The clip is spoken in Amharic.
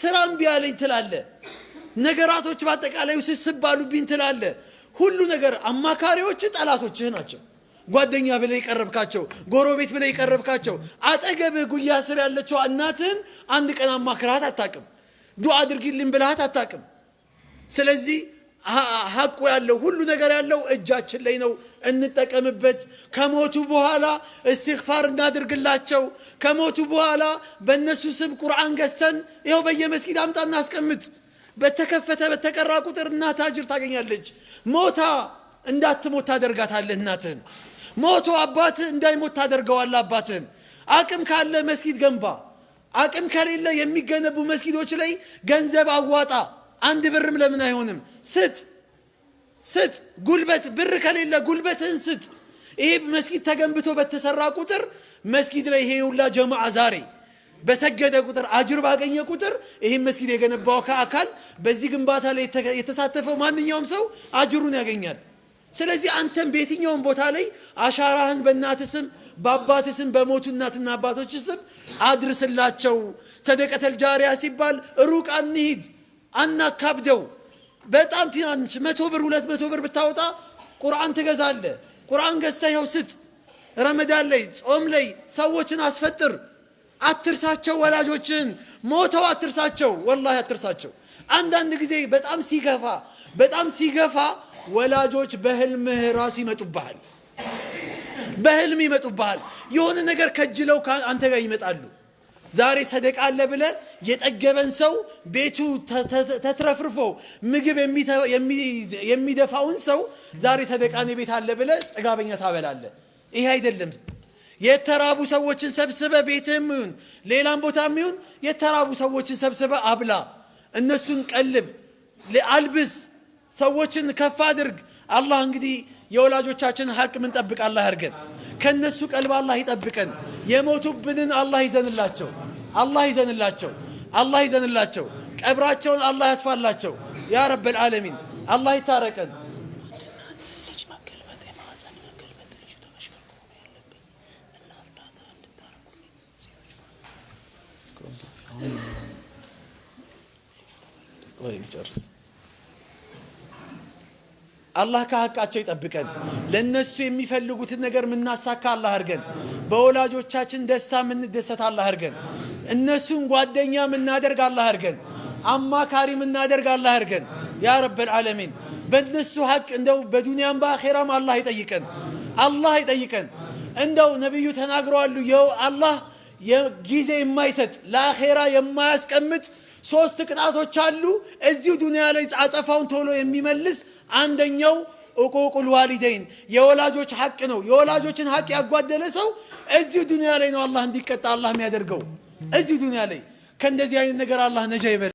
ስራ እምቢ አለኝ ትላለ። ነገራቶች በአጠቃላይ ውስብስብ ባሉብኝ ትላለ። ሁሉ ነገር አማካሪዎች ጠላቶችህ ናቸው። ጓደኛ ብለህ የቀረብካቸው፣ ጎረቤት ብለህ የቀረብካቸው፣ አጠገብህ ጉያ ስር ያለችው እናትህን አንድ ቀን አማክርሃት አታቅም። ዱ አድርጊልን ብልሃት አታቅም። ስለዚህ ሀቁ ያለው ሁሉ ነገር ያለው እጃችን ላይ ነው። እንጠቀምበት። ከሞቱ በኋላ እስትግፋር እናድርግላቸው። ከሞቱ በኋላ በእነሱ ስም ቁርአን ገዝተን ይኸው በየመስጊድ አምጣ እናስቀምጥ። በተከፈተ በተቀራ ቁጥር እናት አጅር ታገኛለች። ሞታ እንዳትሞት ታደርጋታለህ እናትህን። ሞቶ አባትህ እንዳይሞት ታደርገዋለህ አባትህን። አቅም ካለ መስጊድ ገንባ። አቅም ከሌለ የሚገነቡ መስጊዶች ላይ ገንዘብ አዋጣ። አንድ ብርም ለምን አይሆንም? ስጥ ስጥ። ጉልበት ብር ከሌለ ጉልበትህን ስጥ። ይሄ መስጊድ ተገንብቶ በተሰራ ቁጥር መስጊድ ላይ ይሄ ሁላ ጀማዓ ዛሬ በሰገደ ቁጥር አጅር ባገኘ ቁጥር ይህም መስጊድ የገነባው ከአካል በዚህ ግንባታ ላይ የተሳተፈው ማንኛውም ሰው አጅሩን ያገኛል። ስለዚህ አንተም በየትኛውም ቦታ ላይ አሻራህን በእናት ስም በአባት ስም በሞቱ እናትና አባቶች ስም አድርስላቸው። ሰደቀተል ጃሪያ ሲባል ሩቅ አንሂድ። አናካብደው። በጣም ትናንሽ መቶ ብር ሁለት መቶ ብር ብታወጣ ቁርአን ትገዛለ። ቁርአን ገሳ ይኸው ስጥ። ረመዳን ላይ ጾም ላይ ሰዎችን አስፈጥር። አትርሳቸው፣ ወላጆችን ሞተው አትርሳቸው። ወላሂ አትርሳቸው። አንዳንድ ጊዜ በጣም ሲገፋ በጣም ሲገፋ ወላጆች በህልምህ ራሱ ይመጡብሃል፣ በህልም ይመጡብሃል። የሆነ ነገር ከጅለው አንተ ጋር ይመጣሉ። ዛሬ ሰደቃ አለ ብለ የጠገበን ሰው ቤቱ ተትረፍርፎ ምግብ የሚደፋውን ሰው ዛሬ ሰደቃን ቤት አለ ብለ ጥጋበኛ ታበላለ። ይሄ አይደለም። የተራቡ ሰዎችን ሰብስበ ቤትም ይሁን ሌላም ቦታም ይሁን የተራቡ ሰዎችን ሰብስበ አብላ፣ እነሱን ቀልብ፣ አልብስ፣ ሰዎችን ከፍ አድርግ። አላህ እንግዲህ የወላጆቻችን ሀቅ ምን ጠብቅ አላህ ያርገን። ከነሱ ቀልብ አላህ ይጠብቀን። የሞቱብንን አላህ ይዘንላቸው። አላህ ይዘንላቸው፣ አላህ ይዘንላቸው፣ ቀብራቸውን አላህ ያስፋላቸው። ያ ረበል ዓለሚን አላህ ይታረቀን። ቆይ ልጨርስ አላህ ከሀቃቸው ይጠብቀን። ለነሱ የሚፈልጉትን ነገር ምናሳካ አላህ አድርገን። በወላጆቻችን ደስታ ምንደሰት አላህ አድርገን። እነሱን ጓደኛ ምናደርግ አላህ አድርገን። አማካሪ ምናደርግ አላህ አድርገን። ያ ረበል ዓለሚን በእነሱ ሀቅ እንደው በዱንያም በአኼራም አላህ ይጠይቀን፣ አላህ ይጠይቀን። እንደው ነቢዩ ተናግረዋሉ የው አላህ ጊዜ የማይሰጥ ለአኼራ የማያስቀምጥ ሶስት ቅጣቶች አሉ። እዚሁ ዱንያ ላይ አጸፋውን ቶሎ የሚመልስ አንደኛው ዑቁቁል ዋሊደይን የወላጆች ሐቅ ነው። የወላጆችን ሐቅ ያጓደለ ሰው እዚሁ ዱንያ ላይ ነው አላህ እንዲቀጣ አላህ የሚያደርገው እዚሁ ዱንያ ላይ። ከእንደዚህ አይነት ነገር አላህ ነጃ ይበል።